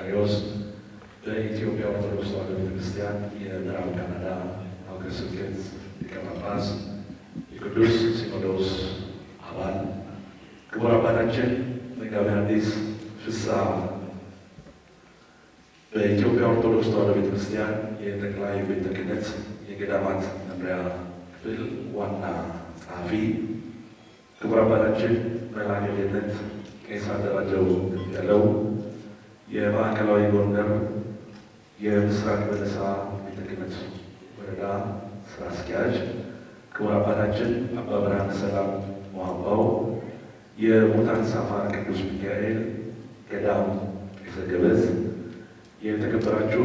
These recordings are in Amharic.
ዘካርዮስ በኢትዮጵያ ኦርቶዶክስ ተዋሕዶ ቤተክርስቲያን የምዕራብ ካናዳ ሀገረ ስብከት ሊቀ ጳጳስ፣ የቅዱስ ሲኖዶስ አባል ክቡር አባታችን መጋቤ ሐዲስ ፍስሐ በኢትዮጵያ ኦርቶዶክስ ተዋሕዶ ቤተክርስቲያን የጠቅላይ ቤተ ክህነት የገዳማት መምሪያ ክፍል ዋና ጸሐፊ ክቡር አባታችን መላከ ገነት ቄስ አደራጀው ያለው የማዕከላዊ ጎንደር የምስራቅ በለሳ ቤተ ክህነት ወረዳ ስራ አስኪያጅ ክቡር አባታችን አባ ብርሃነ ሰላም ሟባው የሙታን ሳፋ ቅዱስ ሚካኤል ገዳም ዘገበዝ፣ የተከበራችሁ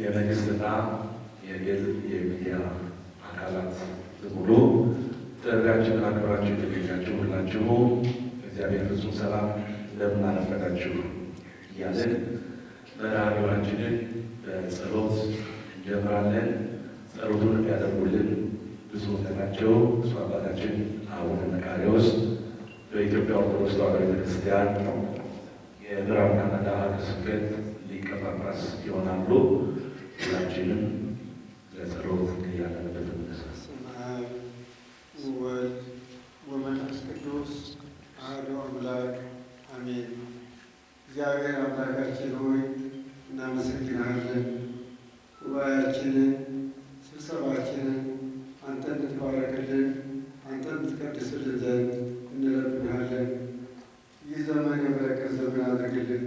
የመንግስትና የግል የሚዲያ አካላት በሙሉ ጥሪያችንን አክብራችሁ የተገኛችሁ ሁላችሁ እግዚአብሔር ፍጹም ሰላም እንደምን አረፈዳችሁ። ያዘን መርሃግብራችንን በጸሎት እንጀምራለን። ጸሎቱን እንዲያደርጉልን ብፁዕነታቸው ብፁዕ አባታችን አቡነ መቃርዮስ በኢትዮጵያ ኦርቶዶክስ ተዋሕዶ ቤተክርስቲያን የምዕራብና ምሥራቅ ሀገረ ስብከት ሊቀ ጳጳስ ይሆናሉ። ሁላችንም አድርግልን።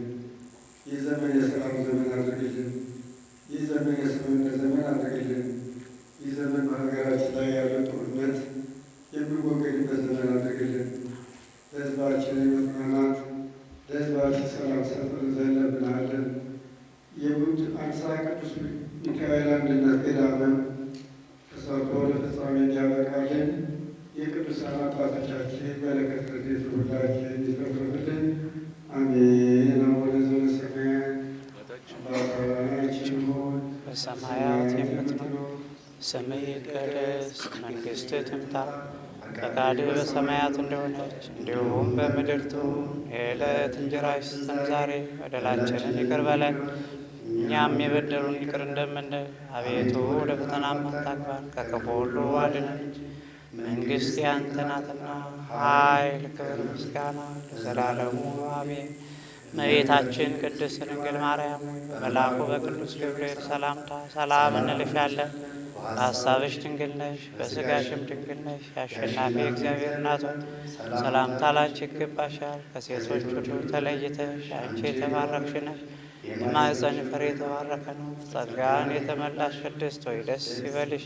ይህ ዘመን የሰላም ዘመን አድርግልን። ይህ ዘመን የስምምነት ዘመን አድርግልን። አይፍሰሰን፣ ዛሬ በደላችንን ይቅር በለን እኛም የበደሉን ይቅር እንደምንል። አቤቱ ወደ ፈተናም አታግባን፣ ከክፉ ሁሉ አድነን። መንግስት ያንተ ናትና ኃይል፣ ክብር፣ ምስጋና ለዘላለሙ አሜን። እመቤታችን ቅድስት ድንግል ማርያም መልአኩ በቅዱስ ገብርኤል ሰላምታ ሰላም እንልሻለን በሐሳብሽ ድንግል ነሽ፣ በስጋሽም ድንግል ነሽ። የአሸናፊ እግዚአብሔር እናቱ ሰላምታ ላንቺ ይገባሻል። ከሴቶች ሁሉ ተለይተሽ አንቺ የተባረክሽ ነሽ፣ የማኅፀን ፍሬ የተባረከ ነው። ጸጋን የተመላሽ ቅድስት ሆይ ደስ ይበልሽ፣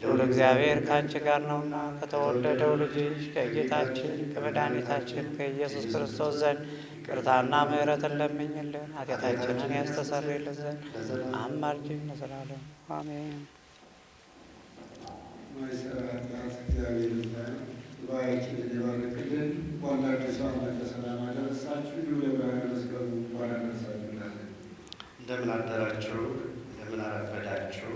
ልዑል እግዚአብሔር ከአንቺ ጋር ነውና ከተወደደው ልጅሽ ከጌታችን ከመድኃኒታችን ከኢየሱስ ክርስቶስ ዘንድ ቅርታና ምሕረትን ለምኝልን ኃጢአታችንን ያስተሰርይልን ዘንድ አማልጅን። ለዘላለም አሜን። ማይሰራት እንደምን አደራችሁ? እንደምን አረፈዳችሁ?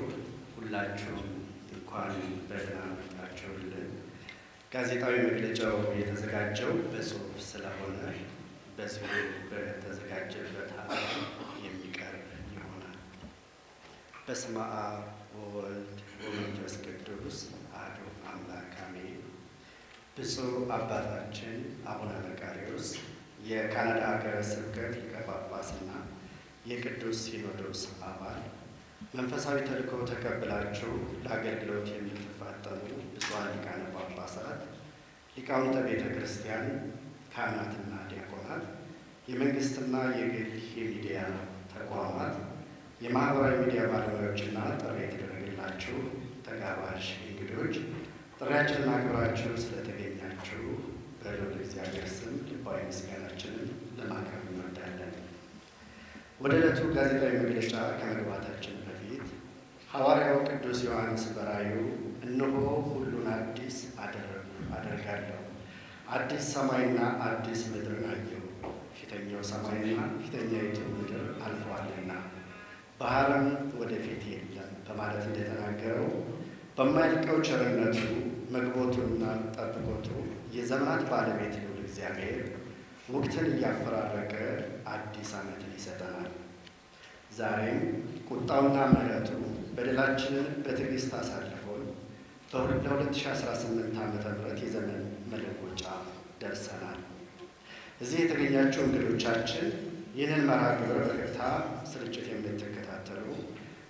ሁላችሁም እንኳን በደህና መጣችሁልን። ጋዜጣዊ መግለጫው የተዘጋጀው በጽሁፍ ስለሆነ በጽሁፍ በተዘጋጀበት የሚቀርብ ይሆናል። በስመ አብ ወወልድ ወመንፈስ ቅዱስ አሐዱ አምላክ አሜን። ብፁዕ አባታችን አቡነ መቃርዮስ የካናዳ ሀገረ ስብከት ሊቀ ጳጳስና የቅዱስ ሲኖዶስ አባል መንፈሳዊ ተልእኮ ተቀብላችሁ ለአገልግሎት የምትፋጠኑ ብፁዓን ሊቃነ ጳጳሳት፣ ሊቃውንተ ቤተ ክርስቲያን፣ ካህናትና ዲያቆናት፣ የመንግስትና የግል የሚዲያ ተቋማት፣ የማህበራዊ ሚዲያ ባለሙያዎችና ጥሪ የተደረገ የመጣችሁ ተጋባዥ እንግዶች ጥሪያችንን አክብራችሁ ስለተገኛችሁ በሎል እግዚአብሔር ስም ልባዊ ምስጋናችንን ለማቅረብ እንወዳለን። ወደ ዕለቱ ጋዜጣዊ መግለጫ ከመግባታችን በፊት ሐዋርያው ቅዱስ ዮሐንስ በራዩ እንሆ ሁሉን አዲስ አደረጉ አደርጋለሁ አዲስ ሰማይና አዲስ ምድርን አየሁ ፊተኛው ሰማይና ፊተኛይቱ ምድር አልፈዋልና ባህርም ወደፊት የለም በማለት እንደተናገረው በማይልቀው ቸርነቱ መግቦቱና ጠብቆቱ የዘመናት ባለቤት ልዑል እግዚአብሔር ወቅትን እያፈራረቀ አዲስ ዓመትን ይሰጠናል። ዛሬም ቁጣውና ምሕረቱ በደላችንን በትዕግስት አሳልፎን በ2018 ዓ ም የዘመን መለወጫ ደርሰናል። እዚህ የተገኛቸው እንግዶቻችን ይህንን መርሃ ግብር በቀጥታ ስርጭት የምትከታተሉ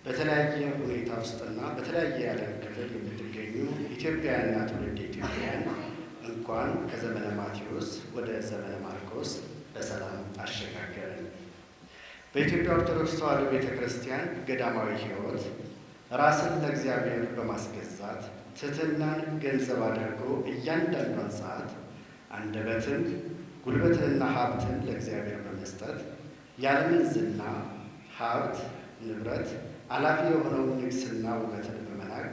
በተለያየ ሁኔታ ውስጥና በተለያየ የዓለም ክፍል የምትገኙ ኢትዮጵያውያንና ትውልድ ኢትዮጵያውያን እንኳን ከዘመነ ማቴዎስ ወደ ዘመነ ማርቆስ በሰላም አሸጋገረን። በኢትዮጵያ ኦርቶዶክስ ተዋሕዶ ቤተ ክርስቲያን ገዳማዊ ሕይወት ራስን ለእግዚአብሔር በማስገዛት ትህትናን ገንዘብ አድርጎ እያንዳንዷን ሰዓት አንደበትን፣ ጉልበትንና ሀብትን ለእግዚአብሔር በመስጠት ያለምን ዝና ሀብት ንብረት አላፊ የሆነው ንግስና ውበትን በመላቅ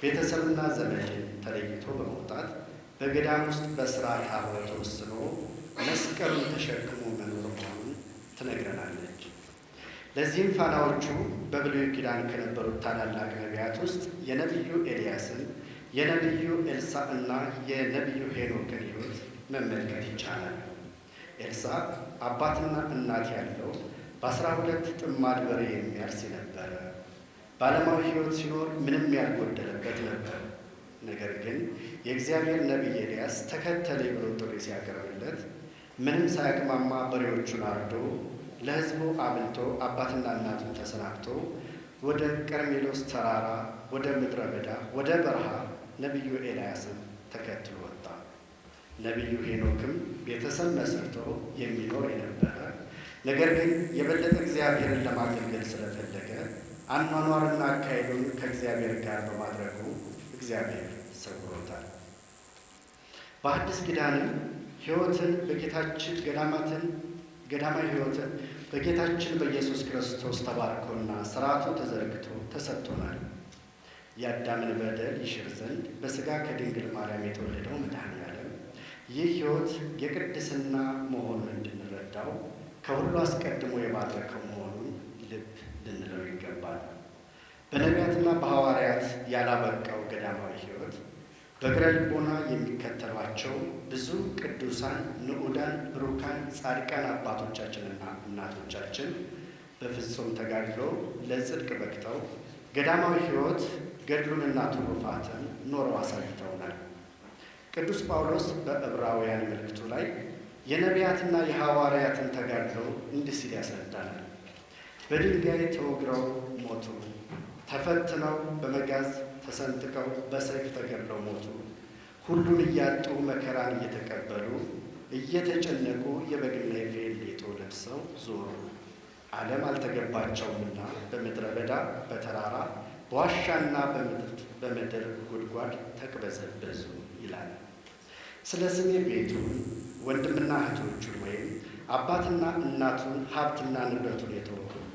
ቤተሰብና ዘመድን ተለይቶ በመውጣት በገዳም ውስጥ በስራ ታበ ተወስኖ መስቀሉን ተሸክሞ መኖር መሆኑን ትነግረናለች። ለዚህም ፋናዎቹ በብሉይ ኪዳን ከነበሩት ታላላቅ ነቢያት ውስጥ የነቢዩ ኤልያስን የነቢዩ ኤልሳ እና የነቢዩ ሄኖክን ህይወት መመልከት ይቻላል። ኤልሳ አባትና እናት ያለው በአስራ ሁለት ጥማድ በሬ የሚያርስ ነበረ። በዓለማዊ ሕይወት ሲኖር ምንም ያልጎደለበት ነበር። ነገር ግን የእግዚአብሔር ነቢይ ኤልያስ ተከተለ ብሎ ጥሪ ሲያቀርብለት ምንም ሳያቅማማ በሬዎቹን አርዶ ለሕዝቡ አብልቶ አባትና እናቱን ተሰናብቶ ወደ ቀርሜሎስ ተራራ ወደ ምድረ በዳ ወደ በረሃ ነቢዩ ኤልያስን ተከትሎ ወጣ። ነቢዩ ሄኖክም ቤተሰብ መስርቶ የሚኖር የነበረ ነገር ግን የበለጠ እግዚአብሔርን ለማገልገል ስለፈለገ አኗኗርና አካሄዱን ከእግዚአብሔር ጋር በማድረጉ እግዚአብሔር ሰውሮታል። በአዲስ ኪዳንም ሕይወትን በጌታችን ገዳማትን ገዳማዊ ሕይወትን በጌታችን በኢየሱስ ክርስቶስ ተባርኮና ስርዓቱ ተዘርግቶ ተሰጥቶናል። የአዳምን በደል ይሽር ዘንድ በስጋ ከድንግል ማርያም የተወለደው መድኃኔ ያለም። ይህ ሕይወት የቅድስና መሆኑን እንድንረዳው ከሁሉ አስቀድሞ የባረከው መሆኑን ልብ ልንለው ይገባል። በነቢያትና በሐዋርያት ያላበቃው ገዳማዊ ሕይወት በግረ ልቦና የሚከተሏቸው ብዙ ቅዱሳን፣ ንዑዳን፣ ብሩካን፣ ጻድቃን አባቶቻችንና እናቶቻችን በፍጹም ተጋድሎ ለጽድቅ በቅተው ገዳማዊ ሕይወት ገድሉንና ትሩፋትን ኖረው አሳይተውናል። ቅዱስ ጳውሎስ በዕብራውያን መልእክቱ ላይ የነቢያትና የሐዋርያትን ተጋድሎ እንዲህ ሲል ያስረዳል። በድንጋይ ተወግረው ሞቱ፣ ተፈትነው በመጋዝ ተሰንጥቀው በሰይፍ ተገድለው ሞቱ። ሁሉን እያጡ መከራን እየተቀበሉ እየተጨነቁ የበግና የፍየል ሌጦ ለብሰው ዞሩ። ዓለም አልተገባቸውምና በምድረ በዳ በተራራ በዋሻና በምድር ጉድጓድ ተቅበዘበዙ ይላል። ስለ ስሜ ቤቱ ወንድምና እህቶቹን ወይም አባትና እናቱን ሀብትና ንብረቱን የተወ ሁሉ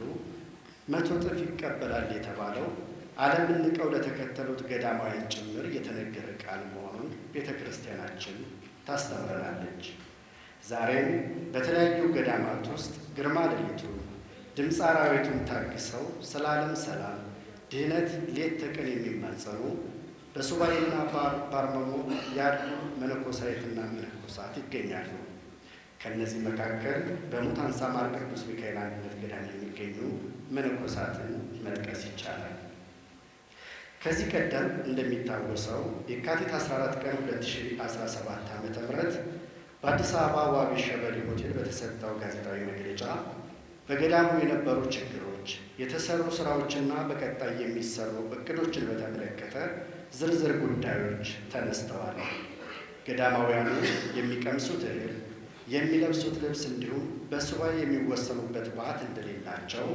መቶ እጥፍ ይቀበላል የተባለው ዓለምን ንቀው ለተከተሉት ገዳማውያን ጭምር የተነገረ ቃል መሆኑን ቤተ ክርስቲያናችን ታስተምረናለች። ዛሬም በተለያዩ ገዳማት ውስጥ ግርማ ሌሊቱን ድምፀ አራዊቱን ታግሰው ስለ ዓለም ሰላም ድህነት ሌት ተቀን የሚማጸኑ በሶማሌና ባርመሞ ያሉ መነኮሳይትና መነኮሳት ይገኛሉ። ከእነዚህ መካከል በሙታን ሳማር ቅዱስ ሚካኤል አንድነት ገዳም የሚገኙ መነኮሳትን መጥቀስ ይቻላል። ከዚህ ቀደም እንደሚታወሰው የካቲት 14 ቀን 2017 ዓ ም በአዲስ አበባ ዋቢ ሸበሌ ሆቴል በተሰጠው ጋዜጣዊ መግለጫ በገዳሙ የነበሩ ችግሮች፣ የተሰሩ ስራዎችና በቀጣይ የሚሰሩ እቅዶችን በተመለከተ ዝርዝር ጉዳዮች ተነስተዋል። ገዳማውያኑ የሚቀምሱት እህል፣ የሚለብሱት ልብስ እንዲሁም በሱባኤ የሚወሰኑበት በዓት እንደሌላቸው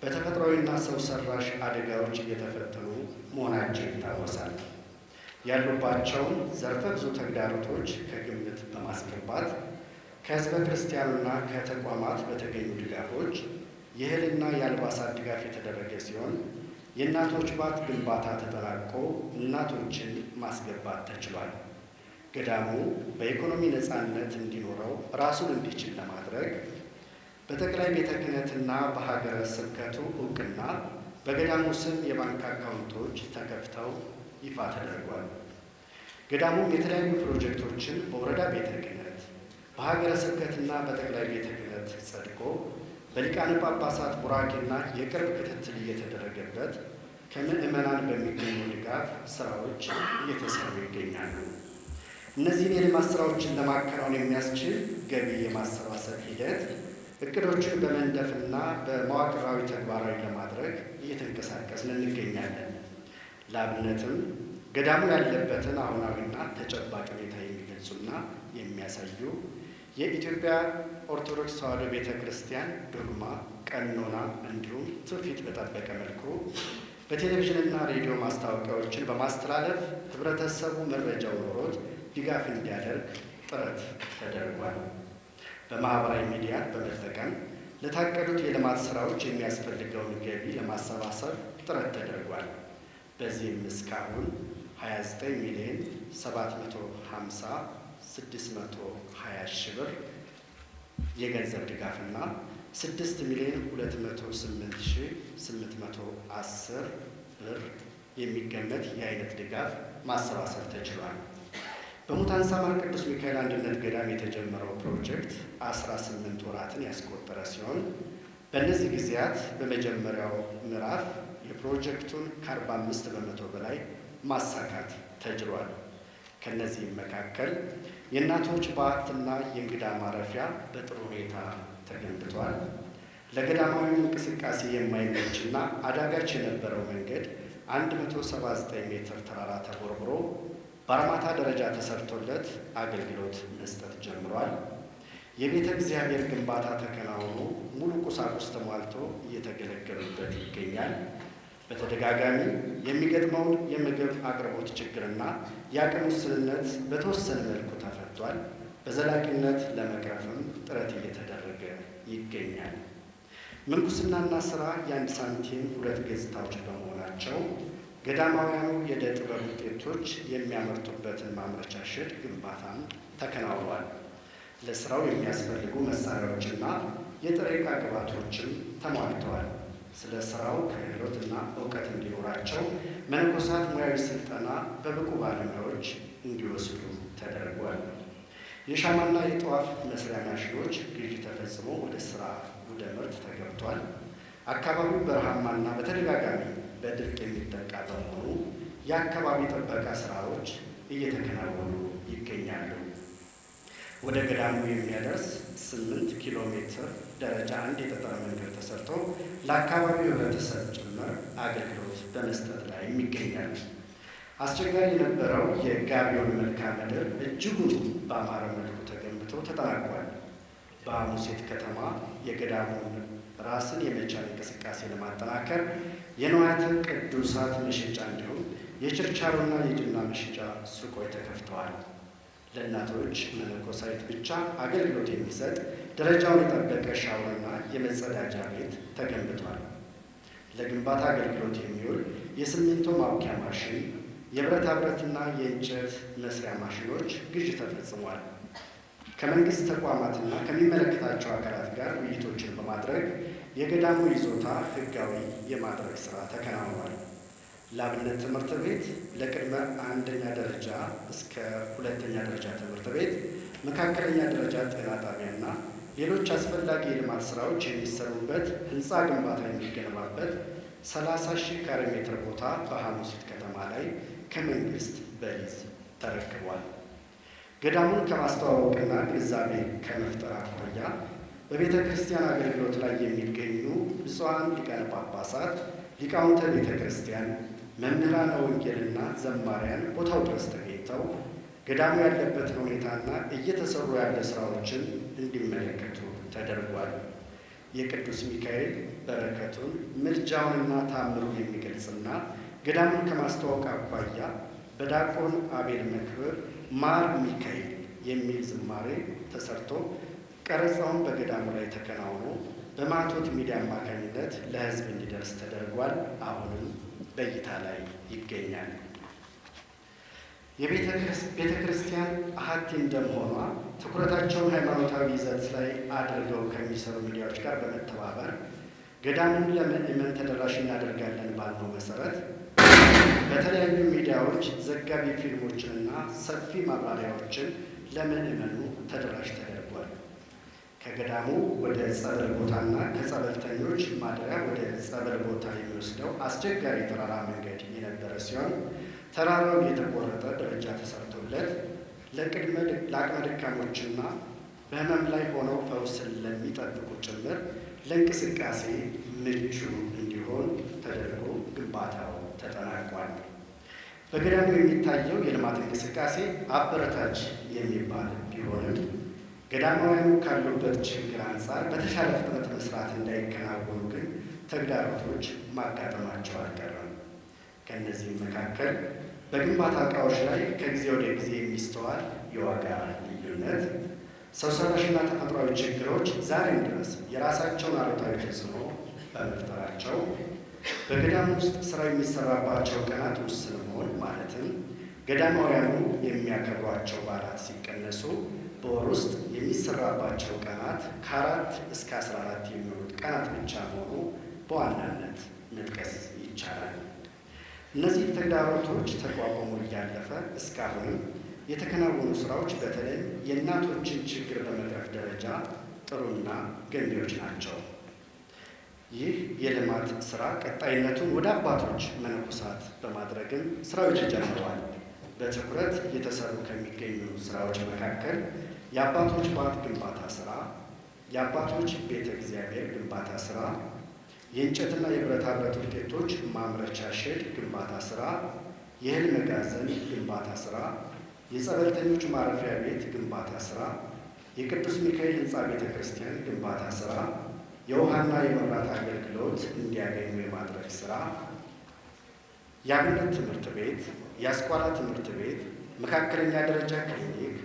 በተፈጥሯዊና ሰው ሰራሽ አደጋዎች እየተፈተኑ መሆናቸው ይታወሳል። ያሉባቸውን ዘርፈ ብዙ ተግዳሮቶች ከግምት በማስገባት ከህዝበ ክርስቲያኑና ከተቋማት በተገኙ ድጋፎች የእህልና የአልባሳት ድጋፍ የተደረገ ሲሆን የእናቶች ባት ግንባታ ተጠናቆ እናቶችን ማስገባት ተችሏል። ገዳሙ በኢኮኖሚ ነፃነት እንዲኖረው ራሱን እንዲችል ለማድረግ በጠቅላይ ቤተ ክህነትና በሀገረ ስብከቱ እውቅና በገዳሙ ስም የባንክ አካውንቶች ተከፍተው ይፋ ተደርጓል። ገዳሙም የተለያዩ ፕሮጀክቶችን በወረዳ ቤተ ክህነት በሀገረ ስብከትና በጠቅላይ ቤተ ክህነት ጸድቆ በሊቃነ ጳጳሳት ቡራኬና የቅርብ ክትትል እየተደረገበት ከምዕመናን በሚገኙ ድጋፍ ስራዎች እየተሰሩ ይገኛሉ። እነዚህን የልማት ስራዎችን ለማከናወን የሚያስችል ገቢ የማሰባሰብ ሂደት እቅዶችን በመንደፍና በመዋቅራዊ ተግባራዊ ለማድረግ እየተንቀሳቀስን እንገኛለን። ለአብነትም ገዳሙ ያለበትን አሁናዊና ተጨባጭ ሁኔታ የሚገልጹና የሚያሳዩ የኢትዮጵያ ኦርቶዶክስ ተዋሕዶ ቤተ ክርስቲያን ዶግማ፣ ቀኖና እንዲሁም ትውፊት በጠበቀ መልኩ በቴሌቪዥንና ሬዲዮ ማስታወቂያዎችን በማስተላለፍ ህብረተሰቡ መረጃው ኖሮት ድጋፍ እንዲያደርግ ጥረት ተደርጓል። በማህበራዊ ሚዲያ በመጠቀም ለታቀዱት የልማት ስራዎች የሚያስፈልገውን ገቢ ለማሰባሰብ ጥረት ተደርጓል። በዚህም እስካሁን 29 ሚሊዮን 750 620 ሺህ ብር የገንዘብ ድጋፍና 6 ሚሊዮን 208810 ብር የሚገመት የአይነት ድጋፍ ማሰባሰብ ተችሏል። በሙታንሳ ማር ቅዱስ ሚካኤል አንድነት ገዳም የተጀመረው ፕሮጀክት 18 ወራትን ያስቆጠረ ሲሆን በእነዚህ ጊዜያት በመጀመሪያው ምዕራፍ የፕሮጀክቱን ከ45 በመቶ በላይ ማሳካት ተችሏል። ከነዚህም መካከል የእናቶች በዓትና የእንግዳ ማረፊያ በጥሩ ሁኔታ ተገንብቷል። ለገዳማዊ እንቅስቃሴ የማይመችና አዳጋች የነበረው መንገድ 179 ሜትር ተራራ ተቦርብሮ በአርማታ ደረጃ ተሰርቶለት አገልግሎት መስጠት ጀምሯል። የቤተ እግዚአብሔር ግንባታ ተከናውኖ ሙሉ ቁሳቁስ ተሟልቶ እየተገለገሉበት ይገኛል። በተደጋጋሚ የሚገጥመውን የምግብ አቅርቦት ችግርና የአቅም ውስንነት በተወሰነ መልኩ ተፈቷል። በዘላቂነት ለመቅረፍም ጥረት እየተደረገ ይገኛል። ምንኩስናና ስራ የአንድ ሳንቲም ሁለት ገጽታዎች በመሆናቸው ገዳማውያኑ የዕደ ጥበብ ውጤቶች የሚያመርቱበትን ማምረቻ ሽድ ግንባታም ተከናውሯል። ለስራው የሚያስፈልጉ መሳሪያዎችና የጥሬ ዕቃ ግብዓቶችም ተሟልተዋል። ስለ ስራው ክህሎትና እውቀት እንዲኖራቸው መነኮሳት ሙያዊ ስልጠና በብቁ ባለሙያዎች እንዲወስዱ ተደርጓል። የሻማና የጠዋፍ መስሪያ ማሽኖች ግዢ ተፈጽሞ ወደ ስራ ወደ ምርት ተገብቷል። አካባቢው በረሃማና በተደጋጋሚ በድርቅ የሚጠቃ በመሆኑ የአካባቢ ጥበቃ ስራዎች እየተከናወኑ ይገኛሉ። ወደ ገዳሙ የሚያደርስ ስምንት ኪሎ ሜትር ደረጃ አንድ የጠጠር መንገድ ተሰርቶ ለአካባቢው ህብረተሰብ ጭምር አገልግሎት በመስጠት ላይ ይገኛል። አስቸጋሪ የነበረው የጋቢዮን መልክዓ ምድር እጅጉን በአማረ መልኩ ተገንብቶ ተጠናቋል። ሴት ከተማ የገዳሙን ራስን የመቻል እንቅስቃሴ ለማጠናከር የንዋያትን ቅዱሳት መሸጫ እንዲሁም የችርቻሮና የጅና መሸጫ ሱቆች ተከፍተዋል። ለእናቶች መነኮሳይት ብቻ አገልግሎት የሚሰጥ ደረጃውን የጠበቀ ሻወርና የመጸዳጃ ቤት ተገንብቷል። ለግንባታ አገልግሎት የሚውል የሲሚንቶ ማውኪያ ማሽን፣ የብረታ ብረትና የእንጨት መስሪያ ማሽኖች ግዥ ተፈጽሟል። ከመንግስት ተቋማትና ከሚመለከታቸው አካላት ጋር ውይይቶችን በማድረግ የገዳሙ ይዞታ ሕጋዊ የማድረግ ስራ ተከናውኗል። ለአብነት ትምህርት ቤት ለቅድመ አንደኛ ደረጃ እስከ ሁለተኛ ደረጃ ትምህርት ቤት፣ መካከለኛ ደረጃ ጤና ጣቢያና ሌሎች አስፈላጊ የልማት ስራዎች የሚሰሩበት ህንፃ ግንባታ የሚገነባበት 30 ሺህ ካሬ ሜትር ቦታ በሐሙሲት ከተማ ላይ ከመንግስት በሊዝ ተረክቧል። ገዳሙን ከማስተዋወቅና ግንዛቤ ከመፍጠር አኳያ በቤተ ክርስቲያን አገልግሎት ላይ የሚገኙ ብፁዓን ሊቃነ ጳጳሳት ሊቃውንተ ቤተ ክርስቲያን መምህራነ ወንጌልና ዘማሪያን ቦታው ድረስ ተገኝተው ገዳሙ ያለበትን ሁኔታና እየተሰሩ ያለ ስራዎችን እንዲመለከቱ ተደርጓል። የቅዱስ ሚካኤል በረከቱን ምልጃውንና ታምሩ የሚገልጽና ገዳሙን ከማስተዋወቅ አኳያ በዲያቆን አቤል መክብር ማር ሚካኤል የሚል ዝማሬ ተሰርቶ ቀረጻውን በገዳሙ ላይ ተከናውኖ በማቶት ሚዲያ አማካኝነት ለሕዝብ እንዲደርስ ተደርጓል። አሁንም በእይታ ላይ ይገኛል። የቤተ ክርስቲያን አሀቲ እንደመሆኗ ትኩረታቸውን ሃይማኖታዊ ይዘት ላይ አድርገው ከሚሰሩ ሚዲያዎች ጋር በመተባበር ገዳሙን ለምእመን ተደራሽ እናደርጋለን ባልነው መሰረት በተለያዩ ሚዲያዎች ዘጋቢ ፊልሞችንና ሰፊ ማብራሪያዎችን ለምእመኑ ተደራሽ ተደርጓል። ከገዳሙ ወደ ጸበል ቦታና ከጸበልተኞች ማደሪያ ወደ ጸበል ቦታ የሚወስደው አስቸጋሪ ተራራ መንገድ የነበረ ሲሆን ተራራው የተቆረጠ ደረጃ ተሰርቶለት ለቅድመ ለአቅመ ደካሞችና ላይ ሆነው ፈውስን ለሚጠብቁ ጭምር ለእንቅስቃሴ ምቹ እንዲሆን ተደርጎ ግንባታው ተጠናቋል። በገዳሙ የሚታየው የልማት እንቅስቃሴ አበረታች የሚባል ቢሆንም ገዳማውያኑ ካሉበት ችግር አንጻር በተሻለ ፍጥነት መስራት እንዳይከናወኑ ግን ተግዳሮቶች ማጋጠማቸው አልቀረም። ከእነዚህም መካከል በግንባታ እቃዎች ላይ ከጊዜ ወደ ጊዜ የሚስተዋል የዋጋ ልዩነት፣ ሰው ሰራሽና ተፈጥሯዊ ችግሮች ዛሬም ድረስ የራሳቸውን አሉታዊ ተጽዕኖ በመፍጠራቸው በገዳም ውስጥ ስራ የሚሰራባቸው ቀናት ውስን መሆን ማለትም ገዳማውያኑ የሚያከብሯቸው በዓላት ሲቀነሱ በወር ውስጥ የሚሰራባቸው ቀናት ከአራት እስከ አስራ አራት የሚሆኑት ቀናት ብቻ መሆኑ በዋናነት መጥቀስ ይቻላል። እነዚህ ተግዳሮቶች ተቋቋሙ እያለፈ እስካሁንም የተከናወኑ ስራዎች በተለይ የእናቶችን ችግር በመቅረፍ ደረጃ ጥሩና ገንቢዎች ናቸው። ይህ የልማት ስራ ቀጣይነቱን ወደ አባቶች መነኮሳት በማድረግም ስራዎች ተጀምረዋል። በትኩረት እየተሰሩ ከሚገኙ ስራዎች መካከል የአባቶች ባት ግንባታ ስራ፣ የአባቶች ቤተ እግዚአብሔር ግንባታ ስራ፣ የእንጨትና የብረታ ብረት ውጤቶች ማምረቻ ሼድ ግንባታ ስራ፣ የእህል መጋዘን ግንባታ ስራ፣ የጸበልተኞች ማረፊያ ቤት ግንባታ ስራ፣ የቅዱስ ሚካኤል ህንፃ ቤተ ክርስቲያን ግንባታ ስራ፣ የውሃና የመብራት አገልግሎት እንዲያገኙ የማድረግ ስራ፣ የአብነት ትምህርት ቤት፣ የአስኳላ ትምህርት ቤት፣ መካከለኛ ደረጃ ክሊኒክ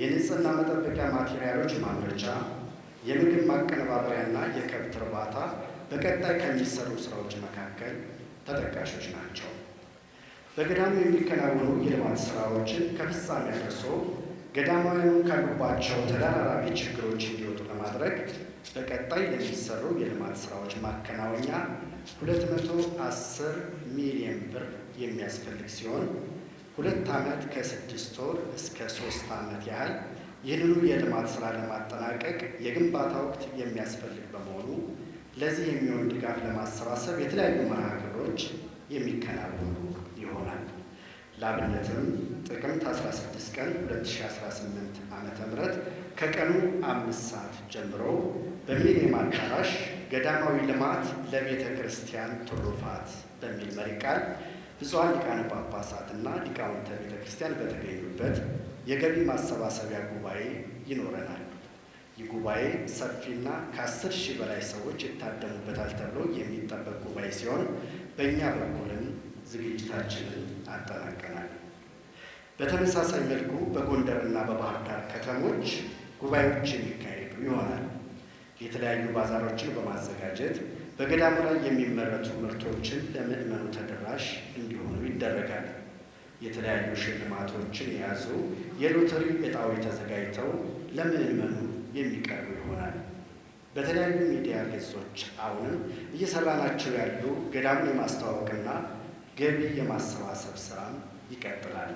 የንጽህና መጠበቂያ ማቴሪያሎች ማምረቻ፣ የምግብ ማቀነባበሪያና የከብት እርባታ በቀጣይ ከሚሰሩ ስራዎች መካከል ተጠቃሾች ናቸው። በገዳሙ የሚከናወኑ የልማት ስራዎችን ከፍጻሜ አድርሶ ገዳማውያኑ ካሉባቸው ተደራራቢ ችግሮች እንዲወጡ ለማድረግ በቀጣይ ለሚሰሩ የልማት ስራዎች ማከናወኛ 210 ሚሊዮን ብር የሚያስፈልግ ሲሆን ሁለት ዓመት ከስድስት ወር እስከ ሶስት ዓመት ያህል ይህንኑ የልማት ስራ ለማጠናቀቅ የግንባታ ወቅት የሚያስፈልግ በመሆኑ ለዚህ የሚሆን ድጋፍ ለማሰባሰብ የተለያዩ መርሃ ግብሮች የሚከናወኑ ይሆናል። ለአብነትም ጥቅምት 16 ቀን 2018 ዓ ም ከቀኑ አምስት ሰዓት ጀምሮ በሚሊኒየም አዳራሽ ገዳማዊ ልማት ለቤተ ክርስቲያን ትሩፋት በሚል መሪ ቃል ብፁዓን ሊቃነ ጳጳሳትና ሊቃውንተ ቤተ ክርስቲያን በተገኙበት የገቢ ማሰባሰቢያ ጉባኤ ይኖረናል። ይህ ጉባኤ ሰፊና ከአስር ሺህ በላይ ሰዎች ይታደሙበታል ተብሎ የሚጠበቅ ጉባኤ ሲሆን በእኛ በኩልም ዝግጅታችንን አጠናቀናል። በተመሳሳይ መልኩ በጎንደርና በባህር ዳር ከተሞች ጉባኤዎች የሚካሄዱ ይሆናል። የተለያዩ ባዛሮችን በማዘጋጀት በገዳሙ ላይ የሚመረቱ የተለያዩ ሽልማቶችን የያዙ የሎተሪ ዕጣዎች ተዘጋጅተው ለምዕመኑ የሚቀርቡ ይሆናል። በተለያዩ ሚዲያ ገጾች አሁንም እየሰራናቸው ያሉ ገዳሙ የማስተዋወቅና ገቢ የማሰባሰብ ስራም ይቀጥላል።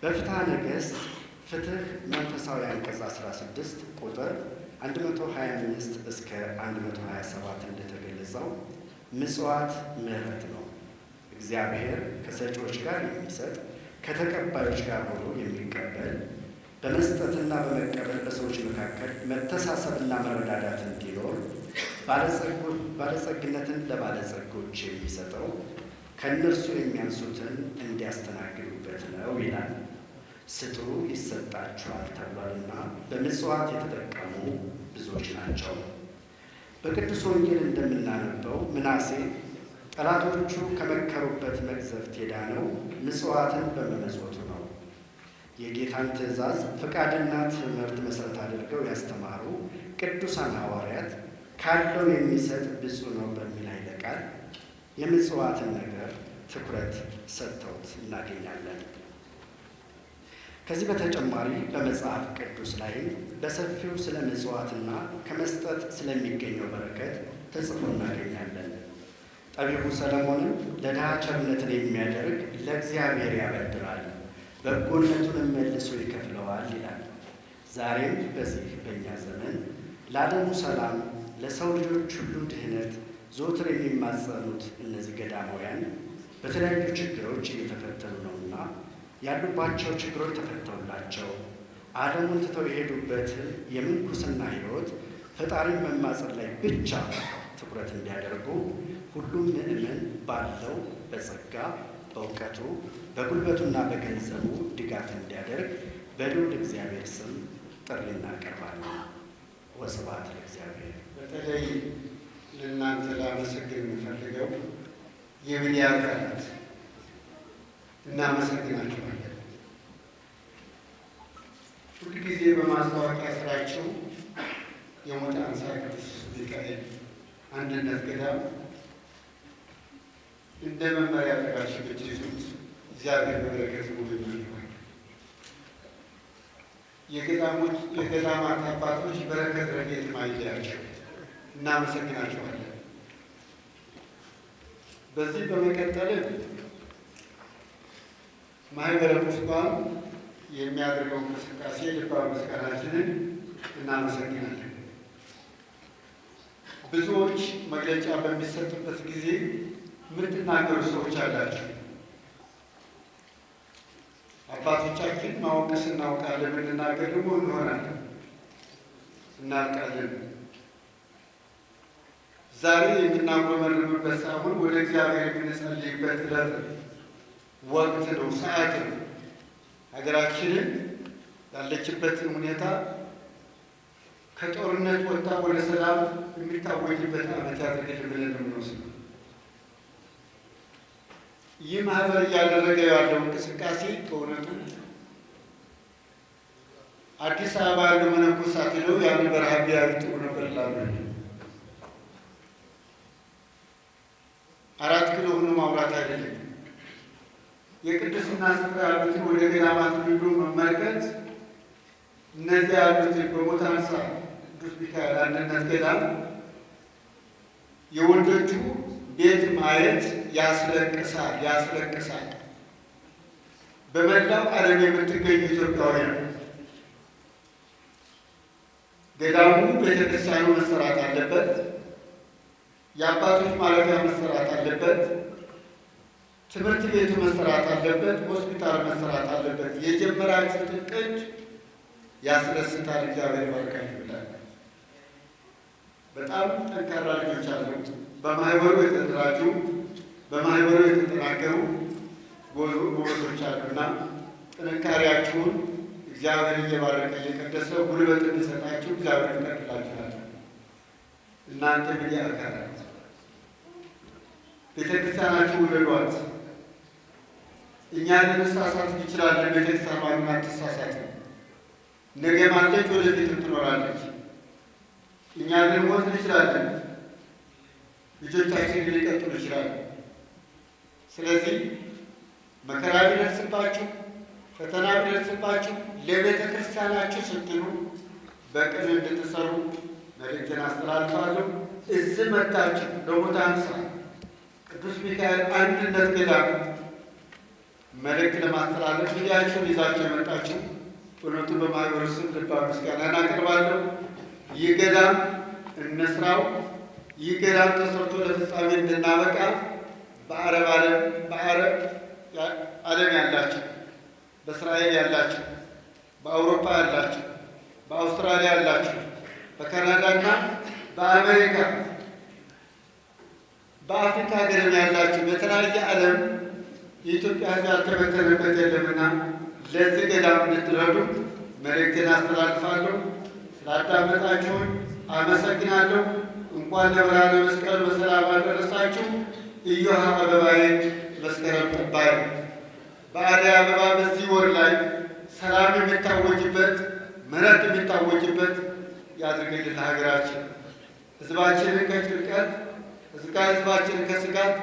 በፍትሐ ነገሥት ፍትህ መንፈሳዊ አንቀጽ 16 ቁጥር 125 እስከ 127 እንደተገለጸው ምጽዋት ምሕረት ነው። እግዚአብሔር ከሰጪዎች ጋር የሚሰጥ ከተቀባዮች ጋር ሆኖ የሚቀበል በመስጠትና በመቀበል በሰዎች መካከል መተሳሰብና መረዳዳት እንዲኖር ባለጸግነትን ለባለጸጎች የሚሰጠው ከእነርሱ የሚያንሱትን እንዲያስተናግዱበት ነው ይላል። ስጡ ይሰጣችኋል ተብሏልና በምጽዋት የተጠቀሙ ብዙዎች ናቸው። በቅዱስ ወንጌል እንደምናነበው ምናሴ ጠላቶቹ ከመከሩበት መቅዘፍት የዳነው ምጽዋትን በመመጽወቱ ነው። የጌታን ትእዛዝ ፍቃድና ትምህርት መሰረት አድርገው ያስተማሩ ቅዱሳን ሐዋርያት ካለው የሚሰጥ ብፁ ነው በሚል ኃይለ ቃል የምጽዋትን ነገር ትኩረት ሰጥተውት እናገኛለን። ከዚህ በተጨማሪ በመጽሐፍ ቅዱስ ላይ በሰፊው ስለ ምጽዋትና ከመስጠት ስለሚገኘው በረከት ተጽፎ እናገኛለን። ጠቢቡ ሰለሞንም ለድሃ ቸርነትን የሚያደርግ ለእግዚአብሔር ያበድራል፣ በጎነቱን መልሶ ይከፍለዋል ይላል። ዛሬም በዚህ በእኛ ዘመን ለዓለሙ ሰላም ለሰው ልጆች ሁሉ ድህነት ዘወትር የሚማጸኑት እነዚህ ገዳማውያን በተለያዩ ችግሮች እየተፈተኑ ነውና ያሉባቸው ችግሮች ተፈተውላቸው ዓለሙን ትተው የሄዱበትን የምንኩስና ሕይወት ፈጣሪን መማጸን ላይ ብቻ ትኩረት እንዲያደርጉ ሁሉም ምዕመን ባለው በጸጋ በእውቀቱ በጉልበቱና በገንዘቡ ድጋፍ እንዲያደርግ በልዑል እግዚአብሔር ስም ጥሪ እናቀርባለን። ወስብሐት ለእግዚአብሔር። በተለይ ለእናንተ ላመሰግን የምፈልገው የሚዲያ አካላት እናመሰግናቸዋለን። ሁልጊዜ በማስታወቂያ ስራቸው የሙት አንሳ ቅዱስ ሚካኤል አንድነት ገዳም እንደ መመሪያ አድርጋችሁ ብትይዙት እግዚአብሔር በበረከት ሙሉ ይሆናል። የገዳሞች የገዳማት አባቶች በረከት ረድኤት አይለያቸው። እናመሰግናቸዋለን። በዚህ በመቀጠልም ማህበረ ቁስቋም የሚያደርገው እንቅስቃሴ ልባዊ ምስጋናችንን እናመሰግናለን። ብዙዎች መግለጫ በሚሰጡበት ጊዜ የምትናገሩ ሰዎች አላችሁ። አባቶቻችን ማወቅ ስናውቃለን የምንናገር ደግሞ እንሆናለን፣ እናውቃለን። ዛሬ የምናጎመርምበት ሳይሆን ወደ እግዚአብሔር የምንጸልይበት ዕለት ወቅት ነው፣ ሰዓት ነው። ሀገራችንን ያለችበትን ሁኔታ ከጦርነት ወጣ ወደ ሰላም የሚታወጅበት ዓመት ያደርግልን ብለን ነው የምንወስደው። ይህ ማህበር እያደረገ ያለው እንቅስቃሴ በእውነቱ አዲስ አበባ ያሉ መነኮሳት ሄደው ያን በረሃ ቢያዩ ነበር ይላሉ። አራት ኪሎ ሆኖ ማውራት አይደለም። የቅድስና ስፍራ ያሉትን ወደ ገዳማት ብሎ መመልከት እነዚያ ያሉት በቦታ አንሳ ቅዱስ ሚካኤል አንድነት ገዳም የወንዶቹ ቤት ማየት ያስለቅሳል ያስለቅሳል። በመላው ዓለም የምትገኙ ኢትዮጵያውያን ገዳሙ ቤተክርስቲያኑ መሰራት አለበት። የአባቶች ማለፊያ መሰራት አለበት። ትምህርት ቤቱ መሰራት አለበት። ሆስፒታል መሰራት አለበት። የጀመራችሁት እቅድ ያስደስታል። እግዚአብሔር ባርካችሁ በጣም ጠንካራ ልጆች አሉ። በማህበሩ የተደራጁ በማህበሩ የተጠናከሩ ጎበዞች አሉና ጥንካሬያችሁን እግዚአብሔር እየባረከ እየቀደሰ ጉልበት እንዲሰጣችሁ እግዚአብሔር ይቀጥላችኋል። እናንተ እንግዲህ አካላት ቤተክርስቲያናችሁ ውለዷት። እኛ ልንሳሳት እንችላለን። ቤተክርስቲያን ማለት አትሳሳት። ነገ ማለች፣ ወደፊት ትኖራለች። እኛ ልንሞት እንችላለን። ልጆቻችን ሊቀጥሉ ይችላሉ። ስለዚህ መከራ ቢደርስባችሁ፣ ፈተና ቢደርስባችሁ ለቤተ ክርስቲያናችሁ ስትሉ በቅን እንድትሰሩ መልእክትን አስተላልፋለሁ። እዚህ መታችሁ ለሙታን ስራ ቅዱስ ሚካኤል አንድነት ገዳም መልእክት ለማስተላለፍ ጊዜያችሁን ይዛችሁ የመጣችሁ እውነቱን በማህበረሰብ ልባ ምስጋና እናቀርባለሁ። ይህ ገዳም እንስራው ይህ ገዳም ተሰርቶ ለፍጻሜ እንድናበቃ በአረብ ዓለም በአረብ ዓለም ያላችሁ፣ በእስራኤል ያላችሁ፣ በአውሮፓ ያላችሁ፣ በአውስትራሊያ ያላችሁ፣ በካናዳና በአሜሪካ በአፍሪካ ሀገርም ያላችሁ በተለያየ ዓለም የኢትዮጵያ ሕዝብ ያልተበተነበት የለምና ለዚህ ገዳም እንድትረዱ መልእክትን አስተላልፋለሁ። ስላዳመጣችሁን አመሰግናለሁ። እንኳን ለብርሃነ መስቀል በሰላም አደረሳችሁ። እዮሃ አበባዬ መስከረም ጠባይ በአደይ አበባ በዚህ ወር ላይ ሰላም የሚታወጅበት ምሕረት የሚታወጅበት ያድርግልን ሀገራችን፣ ህዝባችንን ከጭንቀት ህዝቃ ህዝባችንን ከስጋት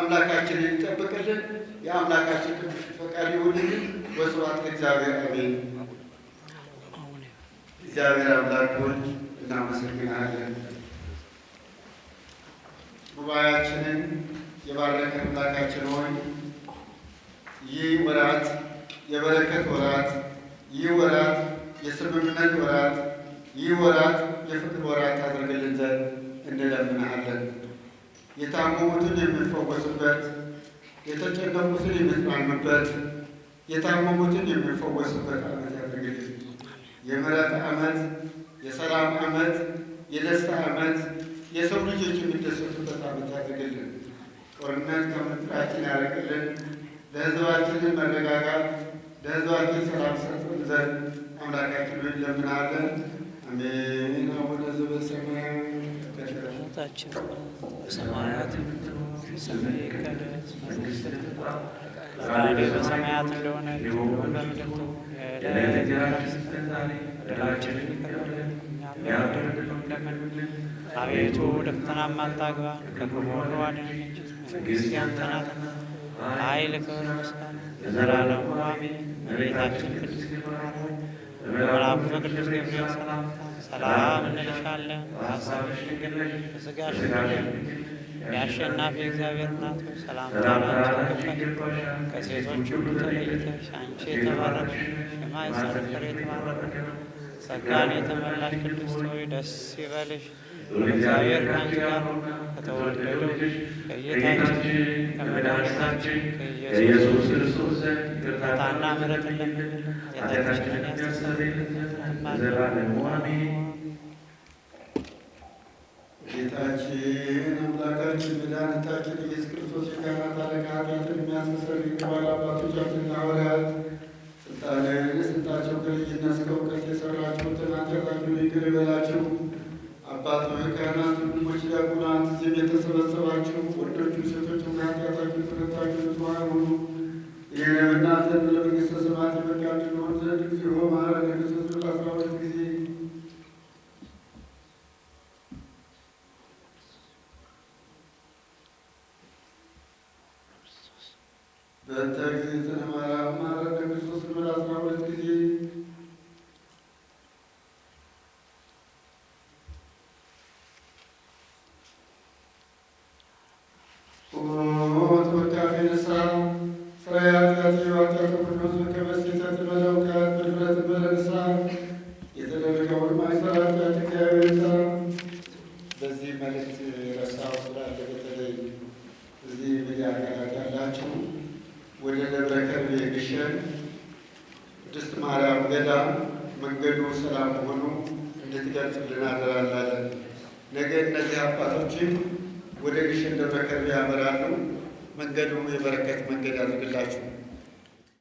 አምላካችን ይጠብቅልን። የአምላካችን ቅዱስ ፈቃድ ይሁንልን። ወስብሐት ለእግዚአብሔር አሜን። እግዚአብሔር አምላክ ሆይ እናመሰግናለን። ጉባኤያችንን የባረከ አምላካችን ሆይ ይህ ወራት የበረከት ወራት፣ ይህ ወራት የስምምነት ወራት፣ ይህ ወራት የፍቅር ወራት አድርግልን ዘንድ እንለምናሃለን። የታመሙትን የምንፈወስበት፣ የተጨነቁትን የምንጽናኑበት፣ የታመሙትን የምንፈወስበት ዓመት ያድርግልን። የምሕረት ዓመት፣ የሰላም ዓመት፣ የደስታ ዓመት የሰው ልጆች የሚደሰቱበት ዓመት ያድርግልን። ጦርነት ከምድራችን ያደርግልን። ለሕዝባችንን መረጋጋት፣ ለሕዝባችን ሰላም ሰጡን ዘንድ አምላካችን እንለምናለን። አሜን። አቡነ ዘበሰማያት ቦታችን በሰማያት በሰማያት እንደሆነ በምድር አቤቱ ወደ ፈተናም አታግባን ከክፉ ሁሉ አድነን እንጂ መንግሥት ያንተ ናትና ኃይል፣ ክብር፣ ምስጋና ለዘላለሙ አሜን። እመቤታችን ቅድስት ድንግል ማርያም በመልአኩ በቅዱስ ገብርኤል ሰላምታ ሰላም እንልሻለን፣ በሐሳብሽ ድንግል ነሽ፣ በሥጋሽ ድንግል ነሽ። የአሸናፊ እግዚአብሔር እናት ሰላምታ ላንቺ ይገባል። ከሴቶች ሁሉ ተለይተሽ አንቺ የተባረክሽ የማኅፀንሽ ፍሬ የተባረከ ነው። ጸጋን የተመላሽ ቅድስት ሆይ ደስ ይበልሽ እግዚአብሔር ከአንቺ ጋር ሆና ከተወደደው ከጌታችን ከመድኃኒታችን ከኢየሱስ ክርስቶስ ዘንድ ይቅርታና ምሕረት ኃጢአታችንን ያስተሰርይልን ዘላለሙ አሜን። ጌታችን አምላካችን መድኃኒታችን that takes into my